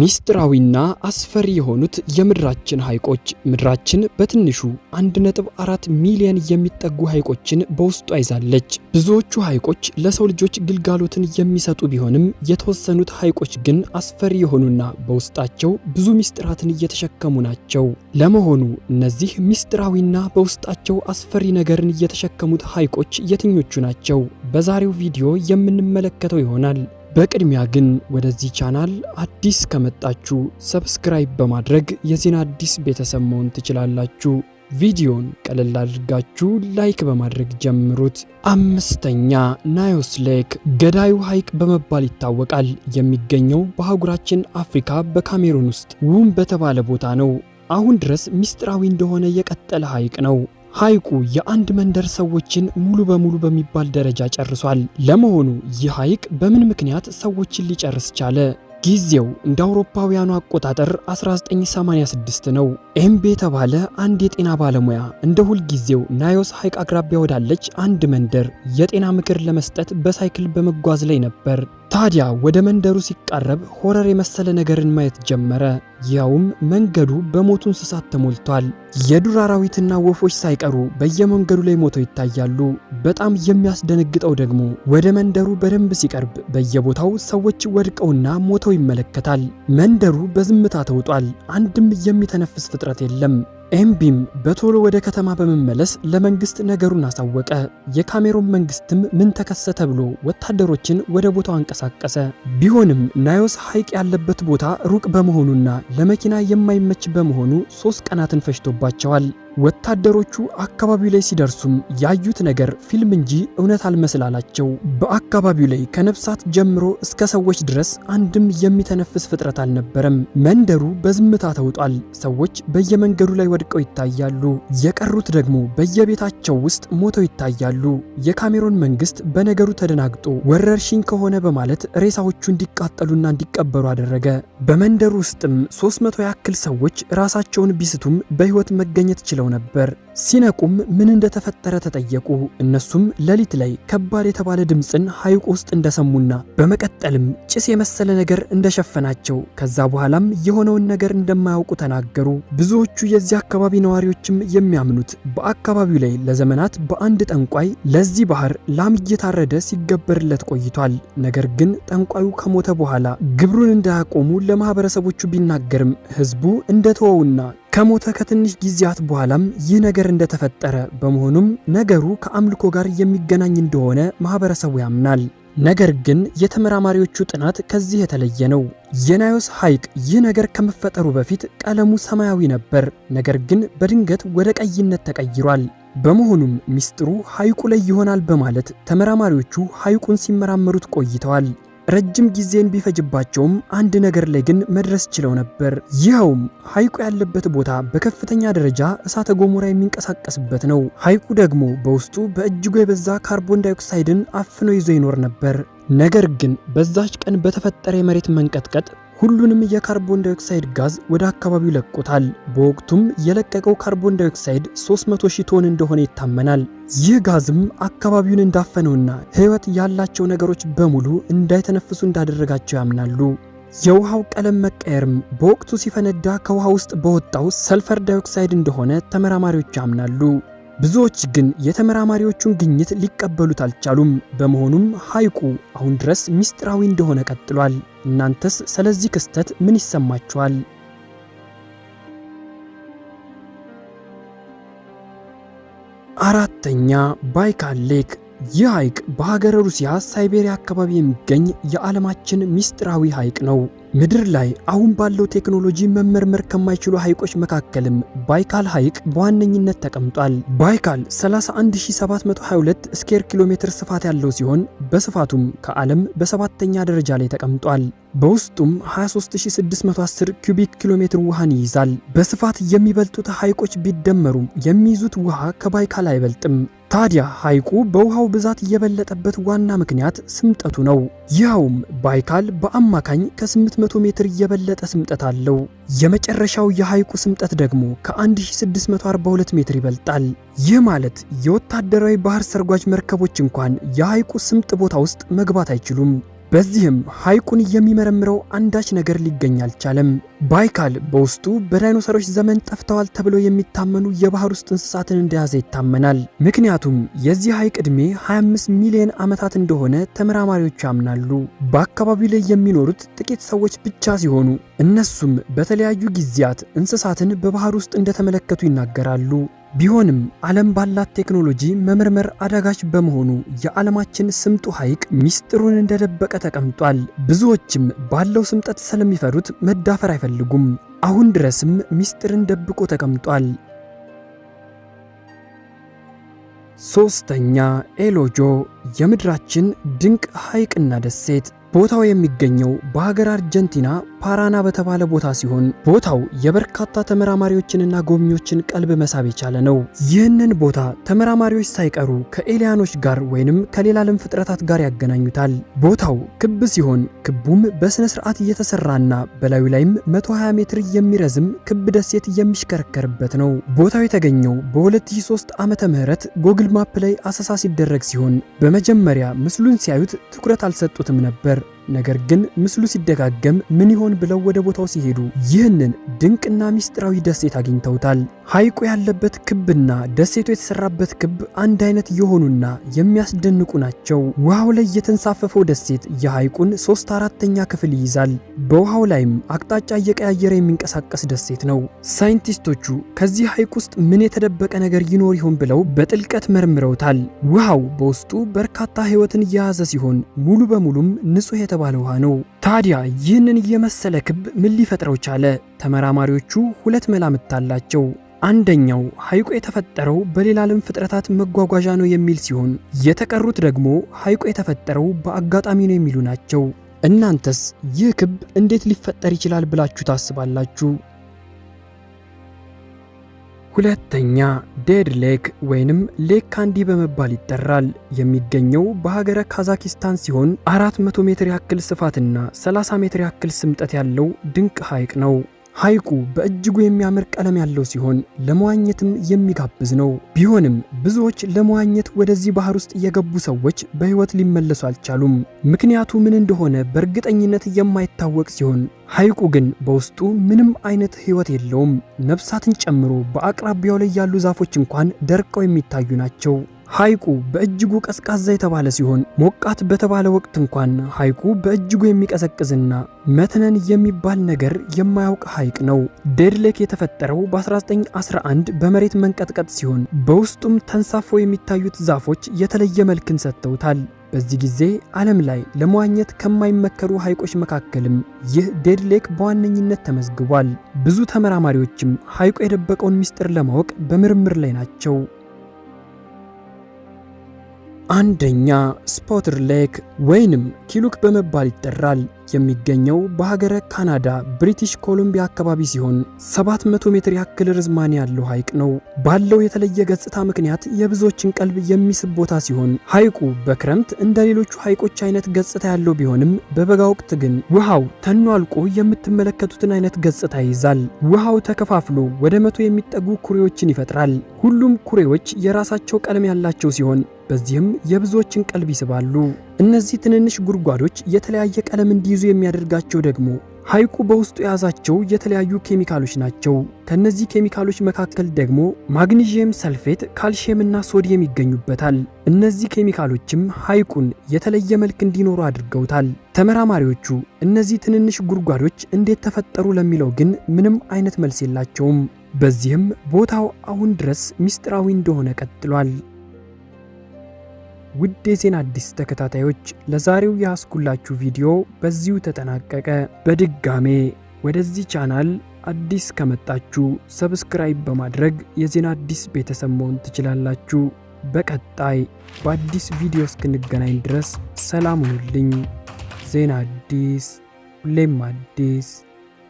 ሚስጥራዊና አስፈሪ የሆኑት የምድራችን ሐይቆች። ምድራችን በትንሹ 1.4 ሚሊዮን የሚጠጉ ሐይቆችን በውስጧ ይዛለች። ብዙዎቹ ሐይቆች ለሰው ልጆች ግልጋሎትን የሚሰጡ ቢሆንም የተወሰኑት ሐይቆች ግን አስፈሪ የሆኑና በውስጣቸው ብዙ ሚስጥራትን እየተሸከሙ ናቸው። ለመሆኑ እነዚህ ሚስጥራዊና በውስጣቸው አስፈሪ ነገርን የተሸከሙት ሐይቆች የትኞቹ ናቸው? በዛሬው ቪዲዮ የምንመለከተው ይሆናል። በቅድሚያ ግን ወደዚህ ቻናል አዲስ ከመጣችሁ ሰብስክራይብ በማድረግ የዜና አዲስ ቤተሰብ መሆን ትችላላችሁ። ቪዲዮን ቀለል አድርጋችሁ ላይክ በማድረግ ጀምሩት። አምስተኛ ናዮስ ሌክ ገዳዩ ሐይቅ በመባል ይታወቃል። የሚገኘው በአህጉራችን አፍሪካ በካሜሩን ውስጥ ውም በተባለ ቦታ ነው። አሁን ድረስ ምስጢራዊ እንደሆነ የቀጠለ ሐይቅ ነው። ሐይቁ የአንድ መንደር ሰዎችን ሙሉ በሙሉ በሚባል ደረጃ ጨርሷል። ለመሆኑ ይህ ሐይቅ በምን ምክንያት ሰዎችን ሊጨርስ ቻለ? ጊዜው እንደ አውሮፓውያኑ አቆጣጠር 1986 ነው። ኤምቤ የተባለ አንድ የጤና ባለሙያ እንደ ሁልጊዜው ናዮስ ሐይቅ አቅራቢያ ወዳለች አንድ መንደር የጤና ምክር ለመስጠት በሳይክል በመጓዝ ላይ ነበር። ታዲያ ወደ መንደሩ ሲቃረብ ሆረር የመሰለ ነገርን ማየት ጀመረ። ያውም መንገዱ በሞቱ እንስሳት ተሞልቷል። የዱር አራዊትና ወፎች ሳይቀሩ በየመንገዱ ላይ ሞተው ይታያሉ። በጣም የሚያስደነግጠው ደግሞ ወደ መንደሩ በደንብ ሲቀርብ በየቦታው ሰዎች ወድቀውና ሞተው ይመለከታል። መንደሩ በዝምታ ተውጧል። አንድም የሚተነፍስ ፍጥረት የለም። ኤምቢም በቶሎ ወደ ከተማ በመመለስ ለመንግስት ነገሩን አሳወቀ። የካሜሮን መንግስትም ምን ተከሰተ ብሎ ወታደሮችን ወደ ቦታው አንቀሳቀሰ። ቢሆንም ናዮስ ሐይቅ ያለበት ቦታ ሩቅ በመሆኑና ለመኪና የማይመች በመሆኑ ሶስት ቀናትን ፈጅቶባቸዋል። ወታደሮቹ አካባቢው ላይ ሲደርሱም ያዩት ነገር ፊልም እንጂ እውነት አልመስላላቸው። በአካባቢው ላይ ከነፍሳት ጀምሮ እስከ ሰዎች ድረስ አንድም የሚተነፍስ ፍጥረት አልነበረም። መንደሩ በዝምታ ተውጧል። ሰዎች በየመንገዱ ላይ ወድቀው ይታያሉ። የቀሩት ደግሞ በየቤታቸው ውስጥ ሞተው ይታያሉ። የካሜሮን መንግስት በነገሩ ተደናግጦ ወረርሽኝ ከሆነ በማለት ሬሳዎቹ እንዲቃጠሉና እንዲቀበሩ አደረገ። በመንደሩ ውስጥም 300 ያክል ሰዎች ራሳቸውን ቢስቱም በህይወት መገኘት ችለው ተናግረው ነበር። ሲነቁም ምን እንደተፈጠረ ተጠየቁ። እነሱም ሌሊት ላይ ከባድ የተባለ ድምፅን ሐይቁ ውስጥ እንደሰሙና በመቀጠልም ጭስ የመሰለ ነገር እንደሸፈናቸው ከዛ በኋላም የሆነውን ነገር እንደማያውቁ ተናገሩ። ብዙዎቹ የዚህ አካባቢ ነዋሪዎችም የሚያምኑት በአካባቢው ላይ ለዘመናት በአንድ ጠንቋይ ለዚህ ባህር ላም እየታረደ ሲገበርለት ቆይቷል። ነገር ግን ጠንቋዩ ከሞተ በኋላ ግብሩን እንዳያቆሙ ለማህበረሰቦቹ ቢናገርም ህዝቡ እንደተወውና ከሞተ ከትንሽ ጊዜያት በኋላም ይህ ነገር እንደተፈጠረ በመሆኑም ነገሩ ከአምልኮ ጋር የሚገናኝ እንደሆነ ማህበረሰቡ ያምናል። ነገር ግን የተመራማሪዎቹ ጥናት ከዚህ የተለየ ነው። የናዮስ ሐይቅ ይህ ነገር ከመፈጠሩ በፊት ቀለሙ ሰማያዊ ነበር፣ ነገር ግን በድንገት ወደ ቀይነት ተቀይሯል። በመሆኑም ሚስጥሩ ሐይቁ ላይ ይሆናል በማለት ተመራማሪዎቹ ሐይቁን ሲመራመሩት ቆይተዋል። ረጅም ጊዜን ቢፈጅባቸውም አንድ ነገር ላይ ግን መድረስ ችለው ነበር። ይኸውም ሐይቁ ያለበት ቦታ በከፍተኛ ደረጃ እሳተ ገሞራ የሚንቀሳቀስበት ነው። ሐይቁ ደግሞ በውስጡ በእጅጉ የበዛ ካርቦን ዳይኦክሳይድን አፍኖ ይዞ ይኖር ነበር። ነገር ግን በዛች ቀን በተፈጠረ የመሬት መንቀጥቀጥ ሁሉንም የካርቦን ዳይኦክሳይድ ጋዝ ወደ አካባቢው ለቆታል። በወቅቱም የለቀቀው ካርቦን ዳይኦክሳይድ 300 ሺህ ቶን እንደሆነ ይታመናል። ይህ ጋዝም አካባቢውን እንዳፈነውና ሕይወት ያላቸው ነገሮች በሙሉ እንዳይተነፍሱ እንዳደረጋቸው ያምናሉ። የውሃው ቀለም መቀየርም በወቅቱ ሲፈነዳ ከውሃ ውስጥ በወጣው ሰልፈር ዳይኦክሳይድ እንደሆነ ተመራማሪዎች ያምናሉ። ብዙዎች ግን የተመራማሪዎቹን ግኝት ሊቀበሉት አልቻሉም። በመሆኑም ሐይቁ አሁን ድረስ ምስጢራዊ እንደሆነ ቀጥሏል። እናንተስ ስለዚህ ክስተት ምን ይሰማችኋል? አራተኛ ባይካል ሌክ። ይህ ሐይቅ በሀገረ ሩሲያ ሳይቤሪያ አካባቢ የሚገኝ የዓለማችን ምስጢራዊ ሐይቅ ነው። ምድር ላይ አሁን ባለው ቴክኖሎጂ መመርመር ከማይችሉ ሐይቆች መካከልም ባይካል ሐይቅ በዋነኝነት ተቀምጧል። ባይካል 31722 ስኬር ኪሎ ሜትር ስፋት ያለው ሲሆን በስፋቱም ከዓለም በሰባተኛ ደረጃ ላይ ተቀምጧል። በውስጡም 23610 ኪዩቢክ ኪሎ ሜትር ውሃን ይይዛል። በስፋት የሚበልጡት ሐይቆች ቢደመሩ የሚይዙት ውሃ ከባይካል አይበልጥም። ታዲያ ሐይቁ በውሃው ብዛት የበለጠበት ዋና ምክንያት ስምጠቱ ነው። ይኸውም ባይካል በአማካኝ ከ800 ሜትር የበለጠ ስምጠት አለው። የመጨረሻው የሐይቁ ስምጠት ደግሞ ከ1642 ሜትር ይበልጣል። ይህ ማለት የወታደራዊ ባህር ሰርጓጅ መርከቦች እንኳን የሐይቁ ስምጥ ቦታ ውስጥ መግባት አይችሉም። በዚህም ሐይቁን የሚመረምረው አንዳች ነገር ሊገኝ አልቻለም። ባይካል በውስጡ በዳይኖሰሮች ዘመን ጠፍተዋል ተብለው የሚታመኑ የባህር ውስጥ እንስሳትን እንደያዘ ይታመናል። ምክንያቱም የዚህ ሐይቅ ዕድሜ 25 ሚሊዮን ዓመታት እንደሆነ ተመራማሪዎች ያምናሉ። በአካባቢው ላይ የሚኖሩት ጥቂት ሰዎች ብቻ ሲሆኑ እነሱም በተለያዩ ጊዜያት እንስሳትን በባህር ውስጥ እንደተመለከቱ ይናገራሉ። ቢሆንም ዓለም ባላት ቴክኖሎጂ መመርመር አዳጋች በመሆኑ የዓለማችን ስምጡ ሐይቅ ሚስጥሩን እንደደበቀ ተቀምጧል። ብዙዎችም ባለው ስምጠት ስለሚፈሩት መዳፈር አይፈልጉም። አሁን ድረስም ሚስጥርን ደብቆ ተቀምጧል። ሶስተኛ ኤሎጆ የምድራችን ድንቅ ሐይቅና ደሴት ቦታው የሚገኘው በሀገር አርጀንቲና ፓራና በተባለ ቦታ ሲሆን ቦታው የበርካታ ተመራማሪዎችንና ጎብኚዎችን ቀልብ መሳብ የቻለ ነው። ይህንን ቦታ ተመራማሪዎች ሳይቀሩ ከኤሊያኖች ጋር ወይንም ከሌላ ዓለም ፍጥረታት ጋር ያገናኙታል። ቦታው ክብ ሲሆን ክቡም በስነ ስርዓት እየተሰራና በላዩ ላይም 120 ሜትር የሚረዝም ክብ ደሴት የሚሽከረከርበት ነው። ቦታው የተገኘው በ2003 ዓመተ ምህረት ጎግል ማፕ ላይ አሰሳ ሲደረግ ሲሆን በመጀመሪያ ምስሉን ሲያዩት ትኩረት አልሰጡትም ነበር። ነገር ግን ምስሉ ሲደጋገም ምን ይሆን ብለው ወደ ቦታው ሲሄዱ ይህንን ድንቅና ሚስጥራዊ ደሴት አግኝተውታል። ሐይቁ ያለበት ክብና ደሴቱ የተሰራበት ክብ አንድ አይነት የሆኑና የሚያስደንቁ ናቸው። ውሃው ላይ የተንሳፈፈው ደሴት የሐይቁን ሶስት አራተኛ ክፍል ይይዛል። በውሃው ላይም አቅጣጫ እየቀያየረ የሚንቀሳቀስ ደሴት ነው። ሳይንቲስቶቹ ከዚህ ሐይቅ ውስጥ ምን የተደበቀ ነገር ይኖር ይሆን ብለው በጥልቀት መርምረውታል። ውሃው በውስጡ በርካታ ሕይወትን እየያዘ ሲሆን ሙሉ በሙሉም ንጹህ የተባለ ውሃ ነው። ታዲያ ይህንን እየመሰለ ክብ ምን ሊፈጥረው ቻለ? ተመራማሪዎቹ ሁለት መላምት አላቸው። አንደኛው ሐይቁ የተፈጠረው በሌላ ዓለም ፍጥረታት መጓጓዣ ነው የሚል ሲሆን የተቀሩት ደግሞ ሐይቁ የተፈጠረው በአጋጣሚ ነው የሚሉ ናቸው። እናንተስ ይህ ክብ እንዴት ሊፈጠር ይችላል ብላችሁ ታስባላችሁ? ሁለተኛ ዴድ ሌክ ወይንም ሌክ ካንዲ በመባል ይጠራል። የሚገኘው በሀገረ ካዛኪስታን ሲሆን 400 ሜትር ያክል ስፋትና 30 ሜትር ያክል ስምጠት ያለው ድንቅ ሐይቅ ነው። ሐይቁ በእጅጉ የሚያምር ቀለም ያለው ሲሆን ለመዋኘትም የሚጋብዝ ነው። ቢሆንም ብዙዎች ለመዋኘት ወደዚህ ባህር ውስጥ የገቡ ሰዎች በሕይወት ሊመለሱ አልቻሉም። ምክንያቱ ምን እንደሆነ በእርግጠኝነት የማይታወቅ ሲሆን ሐይቁ ግን በውስጡ ምንም አይነት ሕይወት የለውም። ነፍሳትን ጨምሮ በአቅራቢያው ላይ ያሉ ዛፎች እንኳን ደርቀው የሚታዩ ናቸው። ሐይቁ በእጅጉ ቀዝቃዛ የተባለ ሲሆን ሞቃት በተባለ ወቅት እንኳን ሐይቁ በእጅጉ የሚቀዘቅዝና መትነን የሚባል ነገር የማያውቅ ሐይቅ ነው። ዴድሌክ የተፈጠረው በ1911 በመሬት መንቀጥቀጥ ሲሆን በውስጡም ተንሳፎ የሚታዩት ዛፎች የተለየ መልክን ሰጥተውታል። በዚህ ጊዜ ዓለም ላይ ለመዋኘት ከማይመከሩ ሐይቆች መካከልም ይህ ዴድሌክ በዋነኝነት ተመዝግቧል። ብዙ ተመራማሪዎችም ሐይቁ የደበቀውን ምስጢር ለማወቅ በምርምር ላይ ናቸው። አንደኛ ስፖትር ሌክ ወይንም ኪሉክ በመባል ይጠራል። የሚገኘው በሀገረ ካናዳ ብሪቲሽ ኮሎምቢያ አካባቢ ሲሆን 700 ሜትር ያክል ርዝማኔ ያለው ሐይቅ ነው። ባለው የተለየ ገጽታ ምክንያት የብዙዎችን ቀልብ የሚስብ ቦታ ሲሆን ሐይቁ በክረምት እንደ ሌሎቹ ሐይቆች አይነት ገጽታ ያለው ቢሆንም በበጋ ወቅት ግን ውሃው ተኗልቆ የምትመለከቱትን አይነት ገጽታ ይይዛል። ውሃው ተከፋፍሎ ወደ መቶ የሚጠጉ ኩሬዎችን ይፈጥራል። ሁሉም ኩሬዎች የራሳቸው ቀለም ያላቸው ሲሆን በዚህም የብዙዎችን ቀልብ ይስባሉ። እነዚህ ትንንሽ ጉድጓዶች የተለያየ ቀለም እንዲይዙ የሚያደርጋቸው ደግሞ ሐይቁ በውስጡ የያዛቸው የተለያዩ ኬሚካሎች ናቸው። ከነዚህ ኬሚካሎች መካከል ደግሞ ማግኒዥየም ሰልፌት፣ ካልሽየምና ሶዲየም ይገኙበታል። እነዚህ ኬሚካሎችም ሐይቁን የተለየ መልክ እንዲኖሩ አድርገውታል። ተመራማሪዎቹ እነዚህ ትንንሽ ጉድጓዶች እንዴት ተፈጠሩ ለሚለው ግን ምንም አይነት መልስ የላቸውም። በዚህም ቦታው አሁን ድረስ ሚስጥራዊ እንደሆነ ቀጥሏል። ውድ የዜና አዲስ ተከታታዮች ለዛሬው ያስኩላችሁ ቪዲዮ በዚሁ ተጠናቀቀ። በድጋሜ ወደዚህ ቻናል አዲስ ከመጣችሁ ሰብስክራይብ በማድረግ የዜና አዲስ ቤተሰብ መሆን ትችላላችሁ። በቀጣይ በአዲስ ቪዲዮ እስክንገናኝ ድረስ ሰላም ሁኑልኝ። ዜና አዲስ ሁሌም አዲስ